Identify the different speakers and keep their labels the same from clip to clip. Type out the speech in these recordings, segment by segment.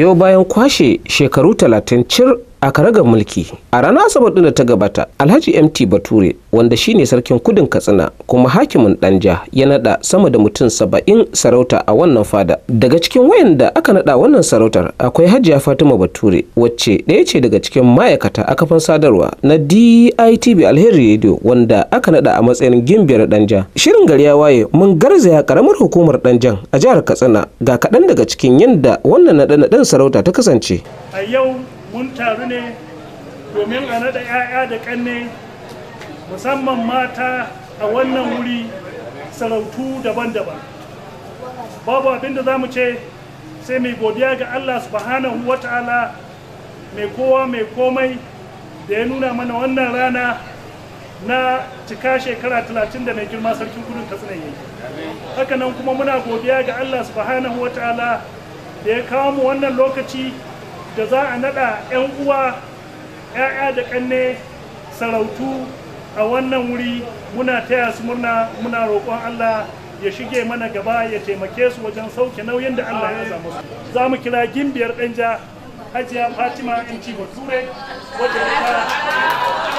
Speaker 1: biyo bayan kwashe shekaru talatin cir a karagar mulki a ranar asabar ɗin da ta gabata alhaji mt bature wanda shine sarkin kudin katsina kuma hakimin danja ya nada sama da mutum saba'in sarauta a wannan fada daga cikin wayanda aka nada wannan sarautar akwai hajiya fatima bature wacce ɗaya ce daga cikin ma'aikata a kafan sadarwa na ditv alheri radio wanda aka nada a matsayin gimbiyar danja shirin gari ya waye mun garzaya karamar hukumar danjan a jihar katsina ga kaɗan daga cikin yadda wannan naɗe-naɗen sarauta ta kasance
Speaker 2: mun taru ne domin a naɗa 'ya'ya da ƙanne musamman mata a wannan wuri sarautu daban-daban babu abin da za mu ce sai mai godiya ga allah subhanahu wata'ala mai kowa mai komai da ya nuna mana wannan rana na cika shekara 30 da mai girma sarkin gudun katsina Haka hakanan kuma muna godiya ga allah subhanahu wata'ala da ya kawo mu wannan lokaci da za a naɗa 'yan uwa 'ya'ya da ƙanne sarautu a wannan wuri muna taya su murna muna roƙon Allah ya shige mana gaba ya taimake su wajen sauke nauyin da Allah ya zama su za mu kira gimbiyar ɗanja hajiya fatima in ci bature wajen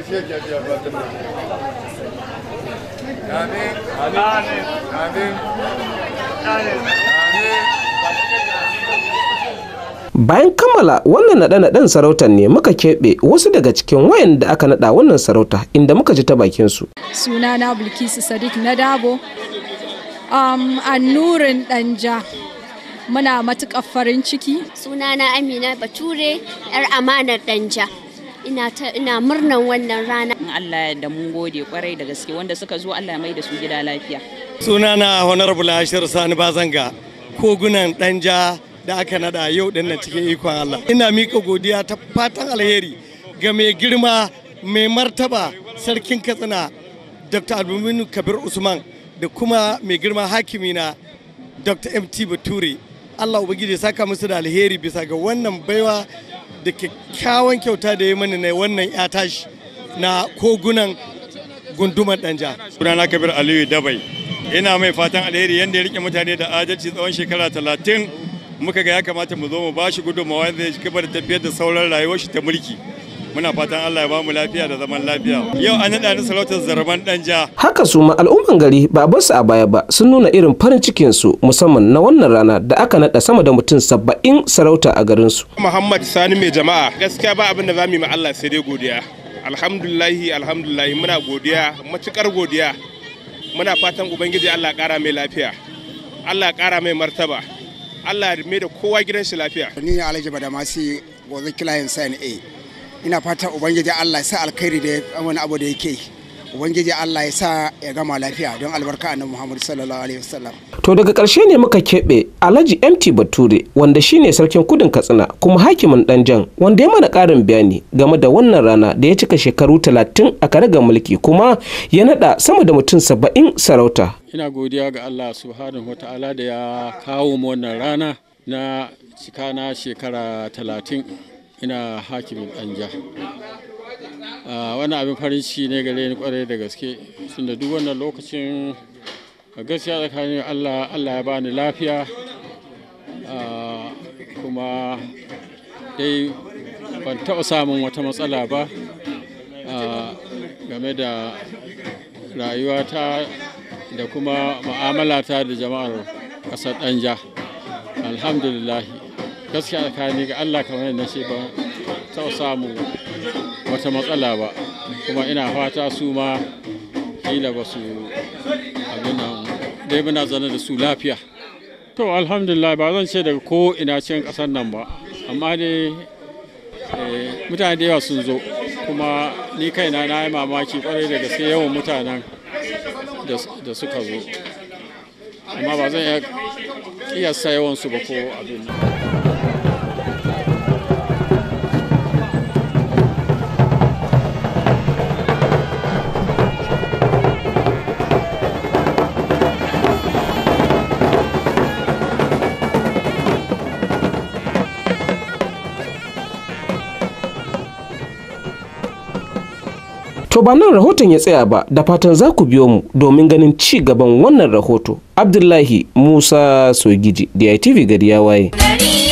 Speaker 3: Bayan
Speaker 1: kammala wannan naɗa naɗen sarautar ne muka keɓe wasu daga cikin wayanda aka naɗa wannan sarauta inda muka ji ta bakinsu.
Speaker 2: na Bilkisu Sadiq na Dabo, um, annurin
Speaker 1: ɗanja. Muna matuƙar farin ciki. Suna na Amina Bature, 'yar amanar ɗanja. ina murnan wannan rana in Allah ya da mun gode kwarai da gaske wanda suka zo Allah ya mai da su gida lafiya
Speaker 2: suna na honorable Hashir Sani
Speaker 1: Bazanga kogunan danja da aka nada yau din nan cikin ikon Allah ina mika godiya ta fatan alheri ga mai girma mai martaba sarkin Katsina Dr. Abdulminu Kabir Usman da kuma mai girma hakimina Dr. MT Bature Allah Ubangiji saka musu da alheri bisa ga wannan baiwa da kyakkyawan kyauta da ya mani na wannan ya tashi na kogunan gunduman danja
Speaker 2: sunana kabir aliyu dabai ina mai fatan alheri yadda ya rike mutane da adalci tsawon shekara talatin muka ga ya kamata mu zo mu ba shi gudunmawa zai gaba da tafiyar da sauran rayuwar shi ta mulki muna fatan Allah ya ba mu lafiya da zaman lafiya yau an naɗa ni sarautar
Speaker 1: ɗan ja. haka su ma al'umman gari ba bar su a baya ba sun nuna irin farin cikin su musamman na wannan rana da aka naɗa sama da mutum saba'in sarauta a garin su Muhammad Sani mai jama'a gaskiya ba abin da zamu yi ma Allah sai dai godiya alhamdulillahi alhamdulillahi muna godiya matukar godiya muna fatan ubangiji Allah ƙara mai lafiya Allah ƙara mai martaba Allah ya da kowa gidan shi lafiya ni ne Alhaji Badamasi gozo kilayen sign A ina fata ubangiji Allah ya sa alkhairi da wani abu da yake ubangiji Allah ya sa ya gama lafiya don albarka annabi Muhammad sallallahu alaihi wasallam to daga karshe ne muka keɓe Alhaji MT Bature wanda shine sarkin kudin Katsina kuma hakimin Danjan wanda ya mana ƙarin bayani game da wannan rana da ya cika shekaru talatin a karagar mulki kuma ya nada sama da mutum saba'in sarauta
Speaker 3: ina godiya ga Allah subhanahu wataala da ya kawo mu wannan rana na cika na shekara 30 ina hakimin ɗanja wani abin farin ciki ne gare ni kwarai da gaske da duk wannan lokacin gaskiya tsakanin allah allah ya bani lafiya kuma dai ban taɓa samun wata matsala ba game da rayuwata da kuma ma'amalata da jama'ar ƙasar ɗanja alhamdulillahi gaskiya tsakani ga Allah kamar yadda ce ba ta samu wata matsala ba kuma ina fata su ma kila ba su abin nan dai muna zane da su lafiya to alhamdulillah ba zan ce daga ko ina cikin kasar nan ba amma dai eh, mutane da yawa sun zo kuma ni kaina na yi mamaki kwarai da gaske yawan mutanen da suka zo
Speaker 1: amma ba zan
Speaker 3: iya sayawansu yawansu ba ko abin nan
Speaker 1: To ba nan rahoton ya tsaya ba da fatan za ku biyo mu domin ganin ci gaban wannan rahoto. Abdullahi Musa Sogiji, DITV gari ya
Speaker 2: waye.